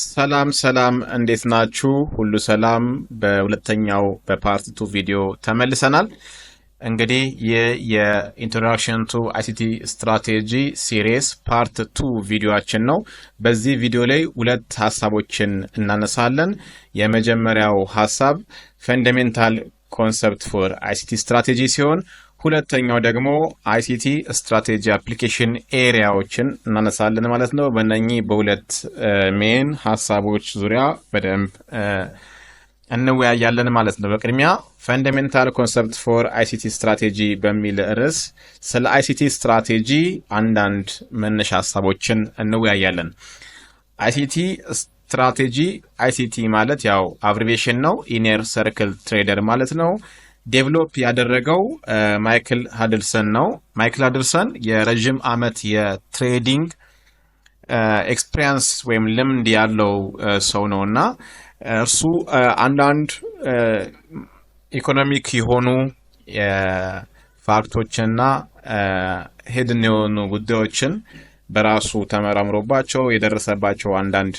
ሰላም ሰላም፣ እንዴት ናችሁ? ሁሉ ሰላም። በሁለተኛው በፓርት ቱ ቪዲዮ ተመልሰናል። እንግዲህ ይህ የኢንትሮዳክሽን ቱ አይሲቲ ስትራቴጂ ሲሪስ ፓርት ቱ ቪዲዮችን ነው። በዚህ ቪዲዮ ላይ ሁለት ሀሳቦችን እናነሳለን። የመጀመሪያው ሀሳብ ፈንዳሜንታል ኮንሰፕት ፎር አይሲቲ ስትራቴጂ ሲሆን ሁለተኛው ደግሞ አይሲቲ ስትራቴጂ አፕሊኬሽን ኤሪያዎችን እናነሳለን ማለት ነው። በእነኚህ በሁለት ሜን ሀሳቦች ዙሪያ በደንብ እንወያያለን ማለት ነው። በቅድሚያ ፈንዳሜንታል ኮንሰፕት ፎር አይሲቲ ስትራቴጂ በሚል ርዕስ ስለ አይሲቲ ስትራቴጂ አንዳንድ መነሻ ሀሳቦችን እንወያያለን። አይሲቲ ስትራቴጂ አይሲቲ ማለት ያው አብሪቬሽን ነው። ኢነር ሰርክል ትሬደር ማለት ነው። ዴቭሎፕ ያደረገው ማይክል ሀድልሰን ነው። ማይክል ሀድልሰን የረዥም ዓመት የትሬዲንግ ኤክስፔሪንስ ወይም ልምድ ያለው ሰው ነው እና እርሱ አንዳንድ ኢኮኖሚክ የሆኑ ፋክቶችና ሄድን የሆኑ ጉዳዮችን በራሱ ተመራምሮባቸው የደረሰባቸው አንዳንድ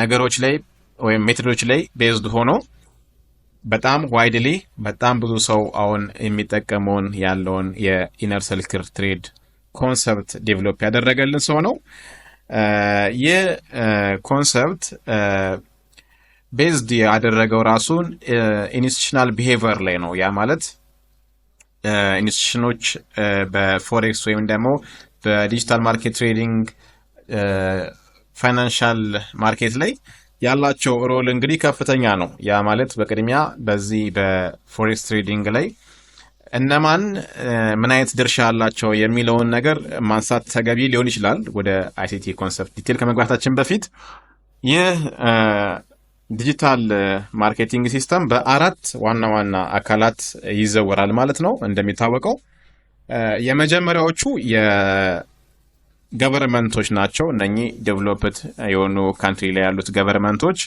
ነገሮች ላይ ወይም ሜቶዶች ላይ ቤዝድ ሆኖ በጣም ዋይድሊ በጣም ብዙ ሰው አሁን የሚጠቀመውን ያለውን የኢነር ሰልክል ትሬድ ኮንሰፕት ዴቨሎፕ ያደረገልን ሰው ነው። ይህ ኮንሰፕት ቤዝድ ያደረገው ራሱን ኢንስቲቱሽናል ቢሄቨር ላይ ነው። ያ ማለት ኢንስቲቱሽኖች በፎሬክስ ወይም ደግሞ በዲጂታል ማርኬት ትሬዲንግ ፋይናንሻል ማርኬት ላይ ያላቸው ሮል እንግዲህ ከፍተኛ ነው። ያ ማለት በቅድሚያ በዚህ በፎሬስት ትሬዲንግ ላይ እነማን ምን አይነት ድርሻ አላቸው የሚለውን ነገር ማንሳት ተገቢ ሊሆን ይችላል። ወደ አይሲቲ ኮንሰፕት ዲቴል ከመግባታችን በፊት ይህ ዲጂታል ማርኬቲንግ ሲስተም በአራት ዋና ዋና አካላት ይዘወራል ማለት ነው። እንደሚታወቀው የመጀመሪያዎቹ ገቨርመንቶች ናቸው። እነኚህ ዴቨሎፕድ የሆኑ ካንትሪ ላይ ያሉት ገቨርመንቶች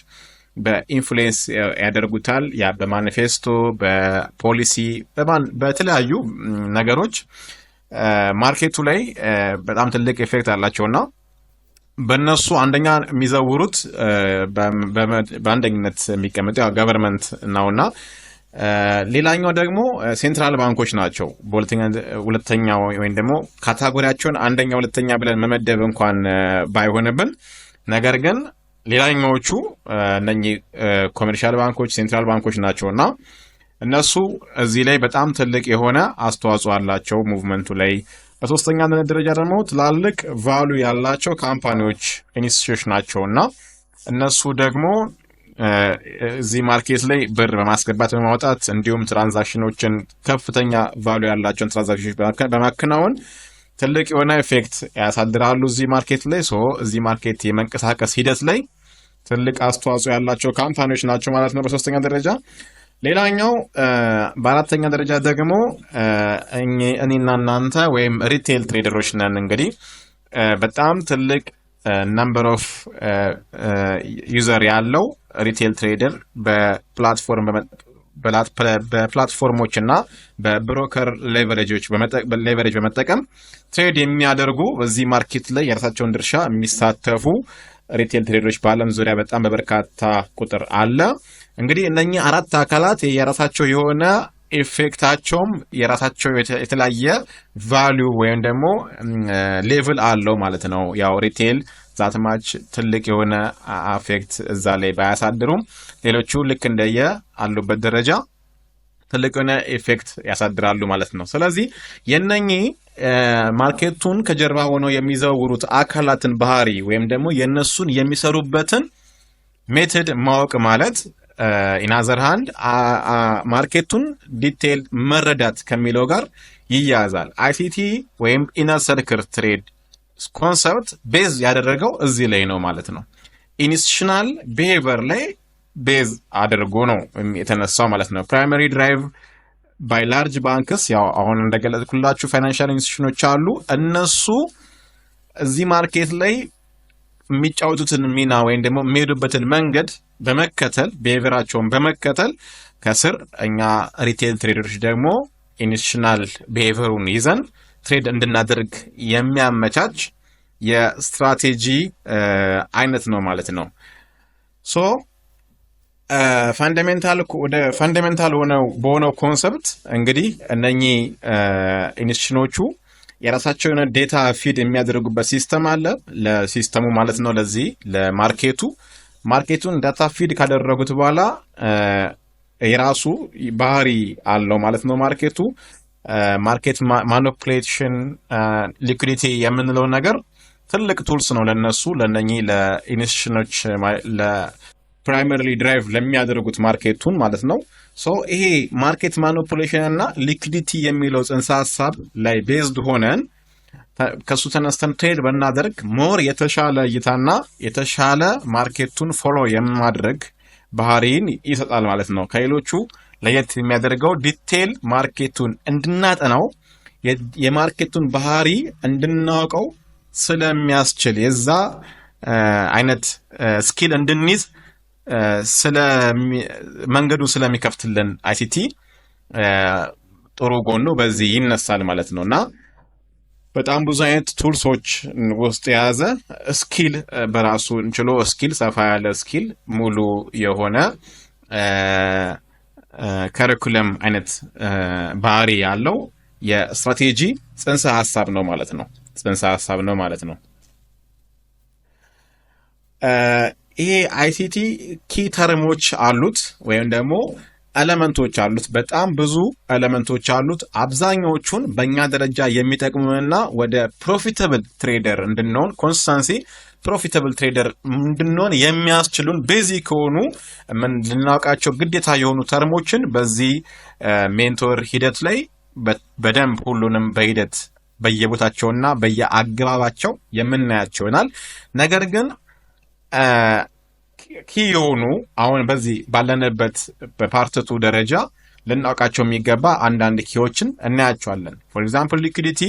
በኢንፍሉዌንስ ያደርጉታል። ያ በማኒፌስቶ፣ በፖሊሲ፣ በተለያዩ ነገሮች ማርኬቱ ላይ በጣም ትልቅ ኤፌክት አላቸውና በእነሱ አንደኛ የሚዘውሩት በአንደኝነት የሚቀመጠው ገቨርመንት ነውና ሌላኛው ደግሞ ሴንትራል ባንኮች ናቸው። ሁለተኛ ወይም ደግሞ ካታጎሪያቸውን አንደኛ ሁለተኛ ብለን መመደብ እንኳን ባይሆንብን ነገር ግን ሌላኛዎቹ እነኚህ ኮሜርሻል ባንኮች ሴንትራል ባንኮች ናቸው እና እነሱ እዚህ ላይ በጣም ትልቅ የሆነ አስተዋጽኦ አላቸው ሙቭመንቱ ላይ። በሶስተኛነት ደረጃ ደግሞ ትላልቅ ቫሉ ያላቸው ካምፓኒዎች ኢንስቲትዩሽን ናቸው እና እነሱ ደግሞ እዚህ ማርኬት ላይ ብር በማስገባት በማውጣት እንዲሁም ትራንዛክሽኖችን ከፍተኛ ቫሉ ያላቸውን ትራንዛክሽኖች በማከናወን ትልቅ የሆነ ኤፌክት ያሳድራሉ እዚህ ማርኬት ላይ ሶ እዚህ ማርኬት የመንቀሳቀስ ሂደት ላይ ትልቅ አስተዋጽኦ ያላቸው ካምፓኒዎች ናቸው ማለት ነው በሶስተኛ ደረጃ ሌላኛው በአራተኛ ደረጃ ደግሞ እኔና እናንተ ወይም ሪቴል ትሬደሮች ነን እንግዲህ በጣም ትልቅ ነምበር ኦፍ ዩዘር ያለው ሪቴል ትሬደር በፕላትፎርም በፕላትፎርሞች እና በብሮከር ሌቨሬጅ በመጠቀም ትሬድ የሚያደርጉ በዚህ ማርኬት ላይ የራሳቸውን ድርሻ የሚሳተፉ ሪቴል ትሬደሮች በዓለም ዙሪያ በጣም በበርካታ ቁጥር አለ። እንግዲህ እነኚህ አራት አካላት የራሳቸው የሆነ ኢፌክታቸውም የራሳቸው የተለያየ ቫሊዩ ወይም ደግሞ ሌቭል አለው ማለት ነው። ያው ሪቴል ዛትማች ትልቅ የሆነ አፌክት እዛ ላይ ባያሳድሩም ሌሎቹ ልክ እንደየ አሉበት ደረጃ ትልቅ የሆነ ኢፌክት ያሳድራሉ ማለት ነው። ስለዚህ የነኚህ ማርኬቱን ከጀርባ ሆነው የሚዘውሩት አካላትን ባህሪ ወይም ደግሞ የእነሱን የሚሰሩበትን ሜትድ ማወቅ ማለት ኢናዘርሃንድ ማርኬቱን ዲቴል መረዳት ከሚለው ጋር ይያያዛል። አይሲቲ ወይም ኢነር ሰርክል ትሬድ ኮንሰፕት ቤዝ ያደረገው እዚህ ላይ ነው ማለት ነው። ኢንስቲቱሽናል ቢሄቨር ላይ ቤዝ አድርጎ ነው የተነሳው ማለት ነው። ፕራይመሪ ድራይቭ ባይ ላርጅ ባንክስ ያው አሁን እንደገለጽኩላችሁ ፋይናንሻል ኢንስቲቱሽኖች አሉ። እነሱ እዚህ ማርኬት ላይ የሚጫወቱትን ሚና ወይም ደግሞ የሚሄዱበትን መንገድ በመከተል ቢሄቪራቸውን በመከተል ከስር እኛ ሪቴል ትሬደሮች ደግሞ ኢንስቲቱሽናል ቢሄቪሩን ይዘን ትሬድ እንድናደርግ የሚያመቻች የስትራቴጂ አይነት ነው ማለት ነው። ሶ ፋንዳሜንታል ወደ ፋንዳሜንታል ሆነው በሆነው ኮንሰፕት እንግዲህ እነኚህ ኢንስቲቱሽኖቹ የራሳቸው የሆነ ዴታ ፊድ የሚያደርጉበት ሲስተም አለ ለሲስተሙ ማለት ነው። ለዚህ ለማርኬቱ ማርኬቱን ዳታ ፊድ ካደረጉት በኋላ የራሱ ባህሪ አለው ማለት ነው። ማርኬቱ ማርኬት ማኒፕሌሽን ሊኩዲቲ የምንለው ነገር ትልቅ ቱልስ ነው ለነሱ ለነኚህ ለኢንስቲቱሽኖች ፕራይመሪሊ ድራይቭ ለሚያደርጉት ማርኬቱን ማለት ነው። ሶ ይሄ ማርኬት ማኒፑሌሽን እና ሊኩዲቲ የሚለው ጽንሰ ሀሳብ ላይ ቤዝድ ሆነን ከእሱ ተነስተን ትሬድ ብናደርግ ሞር የተሻለ እይታና የተሻለ ማርኬቱን ፎሎ የማድረግ ባህሪን ይሰጣል ማለት ነው። ከሌሎቹ ለየት የሚያደርገው ዲቴል ማርኬቱን እንድናጠናው የማርኬቱን ባህሪ እንድናውቀው ስለሚያስችል የዛ አይነት ስኪል እንድንይዝ መንገዱ ስለሚከፍትልን አይሲቲ ጥሩ ጎኑ በዚህ ይነሳል ማለት ነው እና በጣም ብዙ አይነት ቱልሶች ውስጥ የያዘ ስኪል በራሱ እንችሎ ስኪል ሰፋ ያለ ስኪል ሙሉ የሆነ ከሪኩለም አይነት ባህሪ ያለው የስትራቴጂ ጽንሰ ሀሳብ ነው ማለት ነው። ጽንሰ ሀሳብ ነው ማለት ነው። ይሄ አይሲቲ ኪ ተርሞች አሉት ወይም ደግሞ ኤለመንቶች አሉት። በጣም ብዙ ኤለመንቶች አሉት። አብዛኛዎቹን በእኛ ደረጃ የሚጠቅሙንና ወደ ፕሮፊታብል ትሬደር እንድንሆን ኮንስታንሲ ፕሮፊታብል ትሬደር እንድንሆን የሚያስችሉን ቤዚክ ከሆኑ ልናውቃቸው ግዴታ የሆኑ ተርሞችን በዚህ ሜንቶር ሂደት ላይ በደንብ ሁሉንም በሂደት በየቦታቸውና በየአገባባቸው የምናያቸው ይሆናል። ነገር ግን ኪዮኑ አሁን በዚህ ባለንበት በፓርትቱ ደረጃ ልናውቃቸው የሚገባ አንዳንድ ኪዎችን እናያቸዋለን። ፎር ኤግዛምፕል ሊኩዲቲ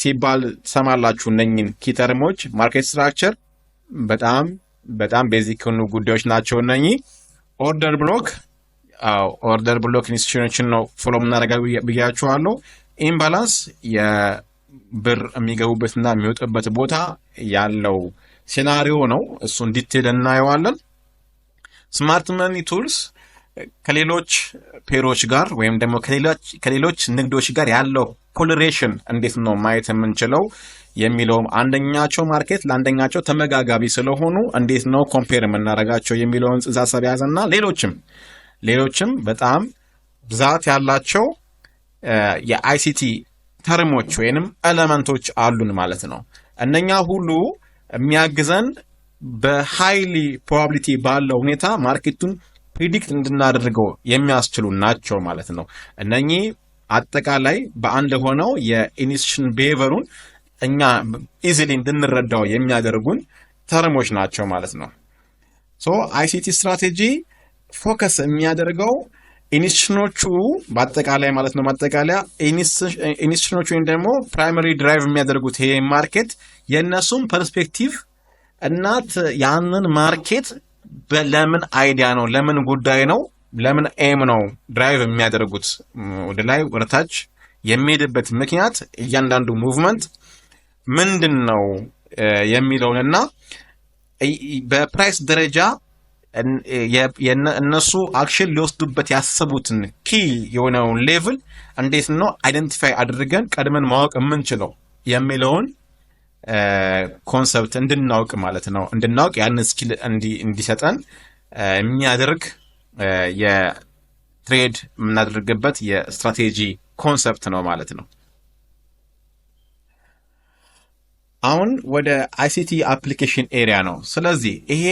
ሲባል ሰማላችሁ እነኝን ኪ ተርሞች ማርኬት ስትራክቸር በጣም በጣም ቤዚክ የሆኑ ጉዳዮች ናቸው። እነኚ። ኦርደር ብሎክ ኦርደር ብሎክ ኢንስቲቱሽኖችን ነው ፎሎ የምናደርገው ብያችኋለሁ። ኢምባላንስ የብር የሚገቡበትና የሚወጡበት ቦታ ያለው ሴናሪዮ ነው። እሱን ዲቴል እናየዋለን። ስማርት መኒ ቱልስ ከሌሎች ፔሮች ጋር ወይም ደግሞ ከሌሎች ንግዶች ጋር ያለው ኮሎሬሽን እንዴት ነው ማየት የምንችለው የሚለውም አንደኛቸው ማርኬት ለአንደኛቸው ተመጋጋቢ ስለሆኑ እንዴት ነው ኮምፔር የምናደርጋቸው የሚለውን ጽንሰ ሀሳብ የያዘና ሌሎችም ሌሎችም በጣም ብዛት ያላቸው የአይሲቲ ተርሞች ወይንም ኤለመንቶች አሉን ማለት ነው እነኛ ሁሉ የሚያግዘን በሃይሊ ፕሮባቢሊቲ ባለው ሁኔታ ማርኬቱን ፕሪዲክት እንድናደርገው የሚያስችሉ ናቸው ማለት ነው። እነኚህ አጠቃላይ በአንድ ሆነው የኢንስቲቱሽን ቢሄቨሩን እኛ ኢዚሊ እንድንረዳው የሚያደርጉን ተርሞች ናቸው ማለት ነው። ሶ አይሲቲ ስትራቴጂ ፎከስ የሚያደርገው ኢኒስሽኖቹ በአጠቃላይ ማለት ነው ማጠቃለያ ኢኒስሽኖቹ ወይም ደግሞ ፕራይመሪ ድራይቭ የሚያደርጉት ይሄ ማርኬት የእነሱም ፐርስፔክቲቭ እናት ያንን ማርኬት ለምን አይዲያ ነው ለምን ጉዳይ ነው ለምን ኤም ነው ድራይቭ የሚያደርጉት ወደ ላይ ወደታች የሚሄድበት ምክንያት እያንዳንዱ ሙቭመንት ምንድን ነው የሚለውን እና በፕራይስ ደረጃ እነሱ አክሽን ሊወስዱበት ያሰቡትን ኪ የሆነውን ሌቭል እንዴት ነው አይደንቲፋይ አድርገን ቀድመን ማወቅ የምንችለው የሚለውን ኮንሰፕት እንድናውቅ ማለት ነው። እንድናውቅ ያን ስኪል እንዲሰጠን የሚያደርግ የትሬድ የምናደርግበት የስትራቴጂ ኮንሰፕት ነው ማለት ነው። አሁን ወደ አይሲቲ አፕሊኬሽን ኤሪያ ነው። ስለዚህ ይሄ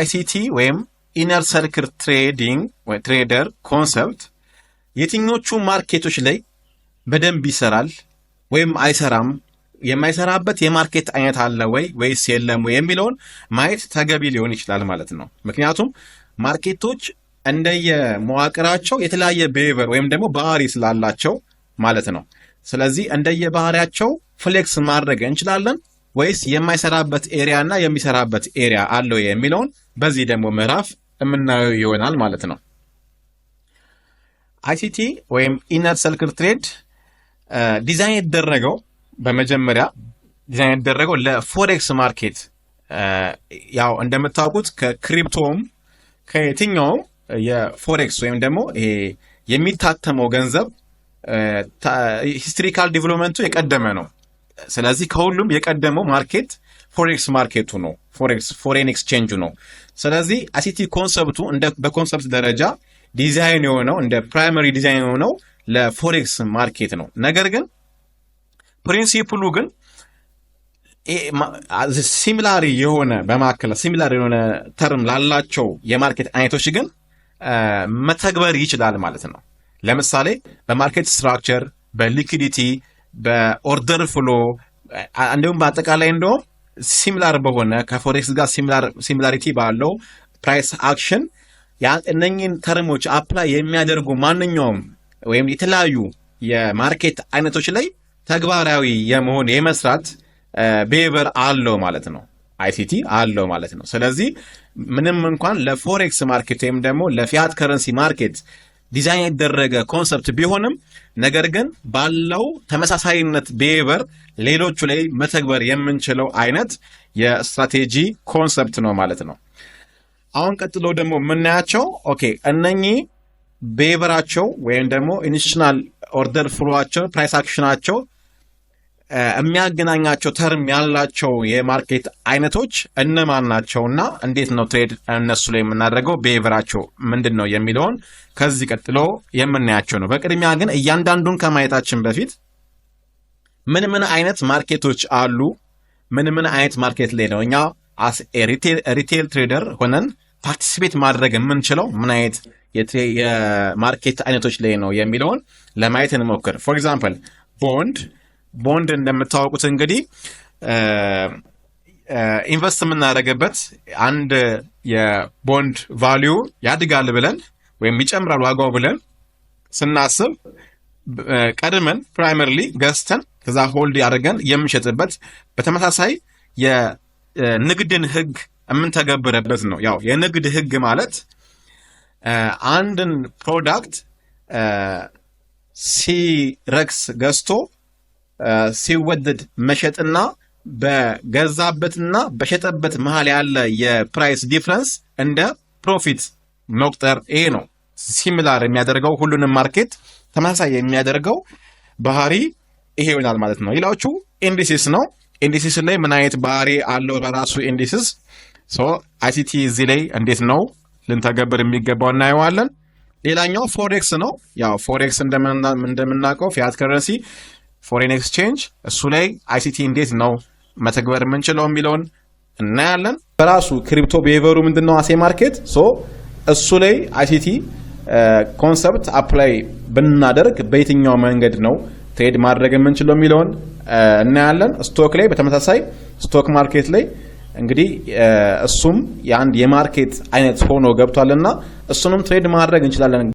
አይሲቲ ወይም ኢነር ሰርክል ትሬዲንግ ትሬደር ኮንሰፕት የትኞቹ ማርኬቶች ላይ በደንብ ይሰራል ወይም አይሰራም፣ የማይሰራበት የማርኬት አይነት አለ ወይ ወይስ የለም የሚለውን ማየት ተገቢ ሊሆን ይችላል ማለት ነው። ምክንያቱም ማርኬቶች እንደየመዋቅራቸው የተለያየ ቤቨር ወይም ደግሞ ባህሪ ስላላቸው ማለት ነው። ስለዚህ እንደየባህሪያቸው ፍሌክስ ማድረግ እንችላለን ወይስ የማይሰራበት ኤሪያ እና የሚሰራበት ኤሪያ አለው የሚለውን በዚህ ደግሞ ምዕራፍ የምናየው ይሆናል ማለት ነው። አይሲቲ ወይም ኢነር ሰርክል ትሬድ ዲዛይን የተደረገው በመጀመሪያ ዲዛይን የተደረገው ለፎሬክስ ማርኬት ያው እንደምታውቁት ከክሪፕቶም ከየትኛውም የፎሬክስ ወይም ደግሞ የሚታተመው ገንዘብ ሂስትሪካል ዲቨሎፕመንቱ የቀደመ ነው። ስለዚህ ከሁሉም የቀደመው ማርኬት ፎሬክስ ማርኬቱ ነው። ፎሬክስ ፎሬን ኤክስቼንጁ ነው። ስለዚህ አሲቲ ኮንሰፕቱ በኮንሰፕት ደረጃ ዲዛይን የሆነው እንደ ፕራይመሪ ዲዛይን የሆነው ለፎሬክስ ማርኬት ነው። ነገር ግን ፕሪንሲፕሉ ግን ሲሚላሪ የሆነ በማከል ሲሚላሪ የሆነ ተርም ላላቸው የማርኬት አይነቶች ግን መተግበር ይችላል ማለት ነው። ለምሳሌ በማርኬት ስትራክቸር፣ በሊኩዲቲ፣ በኦርደር ፍሎ እንዲሁም በአጠቃላይ እንደውም ሲሚላር በሆነ ከፎሬክስ ጋር ሲሚላሪቲ ባለው ፕራይስ አክሽን እነኝን ተርሞች አፕላይ የሚያደርጉ ማንኛውም ወይም የተለያዩ የማርኬት አይነቶች ላይ ተግባራዊ የመሆን የመስራት ቤቨር አለው ማለት ነው። አይሲቲ አለው ማለት ነው። ስለዚህ ምንም እንኳን ለፎሬክስ ማርኬት ወይም ደግሞ ለፊያት ከረንሲ ማርኬት ዲዛይን የተደረገ ኮንሰፕት ቢሆንም ነገር ግን ባለው ተመሳሳይነት ቤበር ሌሎቹ ላይ መተግበር የምንችለው አይነት የስትራቴጂ ኮንሰፕት ነው ማለት ነው። አሁን ቀጥሎ ደግሞ የምናያቸው ኦኬ እነኚህ ቢሄቨራቸው ወይም ደግሞ ኢኒሽናል ኦርደር ፍሎዋቸው ፕራይስ አክሽናቸው የሚያገናኛቸው ተርም ያላቸው የማርኬት አይነቶች እነማን ናቸውና እንዴት ነው ትሬድ እነሱ ላይ የምናደርገው ብሄቨራቸው ምንድን ነው የሚለውን ከዚህ ቀጥሎ የምናያቸው ነው። በቅድሚያ ግን እያንዳንዱን ከማየታችን በፊት ምን ምን አይነት ማርኬቶች አሉ፣ ምን ምን አይነት ማርኬት ላይ ነው እኛ ሪቴል ትሬደር ሆነን ፓርቲሲፔት ማድረግ የምንችለው ምን አይነት የማርኬት አይነቶች ላይ ነው የሚለውን ለማየት እንሞክር። ፎር ኤግዛምፕል ቦንድ ቦንድ እንደምታወቁት እንግዲህ ኢንቨስት የምናደርግበት አንድ የቦንድ ቫሊዩ ያድጋል ብለን ወይም ይጨምራል ዋጋው ብለን ስናስብ ቀድመን ፕራይመሪሊ ገዝተን ከዛ ሆልድ አድርገን የምንሸጥበት በተመሳሳይ የንግድን ህግ የምንተገብረበት ነው። ያው የንግድ ህግ ማለት አንድን ፕሮዳክት ሲረክስ ገዝቶ ሲወደድ መሸጥና በገዛበትና በሸጠበት መሀል ያለ የፕራይስ ዲፍረንስ እንደ ፕሮፊት መቁጠር ይሄ ነው ሲሚላር የሚያደርገው ሁሉንም ማርኬት ተመሳሳይ የሚያደርገው ባህሪ ይሄ ይሆናል ማለት ነው። ሌላዎቹ ኢንዲሲስ ነው። ኢንዲሲስ ላይ ምን አይነት ባህሪ አለው? በራሱ ኢንዲሲስ አይሲቲ እዚህ ላይ እንዴት ነው ልንተገብር የሚገባው እናየዋለን። ሌላኛው ፎሬክስ ነው። ያው ፎሬክስ እንደምናውቀው ፊያት ከረንሲ ፎሬን ኤክስቼንጅ እሱ ላይ አይሲቲ እንዴት ነው መተግበር የምንችለው የሚለውን እናያለን። በራሱ ክሪፕቶ ቢሄቨሩ ምንድን ነው አሴ ማርኬት ሶ እሱ ላይ አይሲቲ ኮንሰፕት አፕላይ ብናደርግ በየትኛው መንገድ ነው ትሬድ ማድረግ የምንችለው የሚለውን እናያለን። ስቶክ ላይ በተመሳሳይ ስቶክ ማርኬት ላይ እንግዲህ እሱም የአንድ የማርኬት አይነት ሆኖ ገብቷልና እሱንም ትሬድ ማድረግ እንችላለን።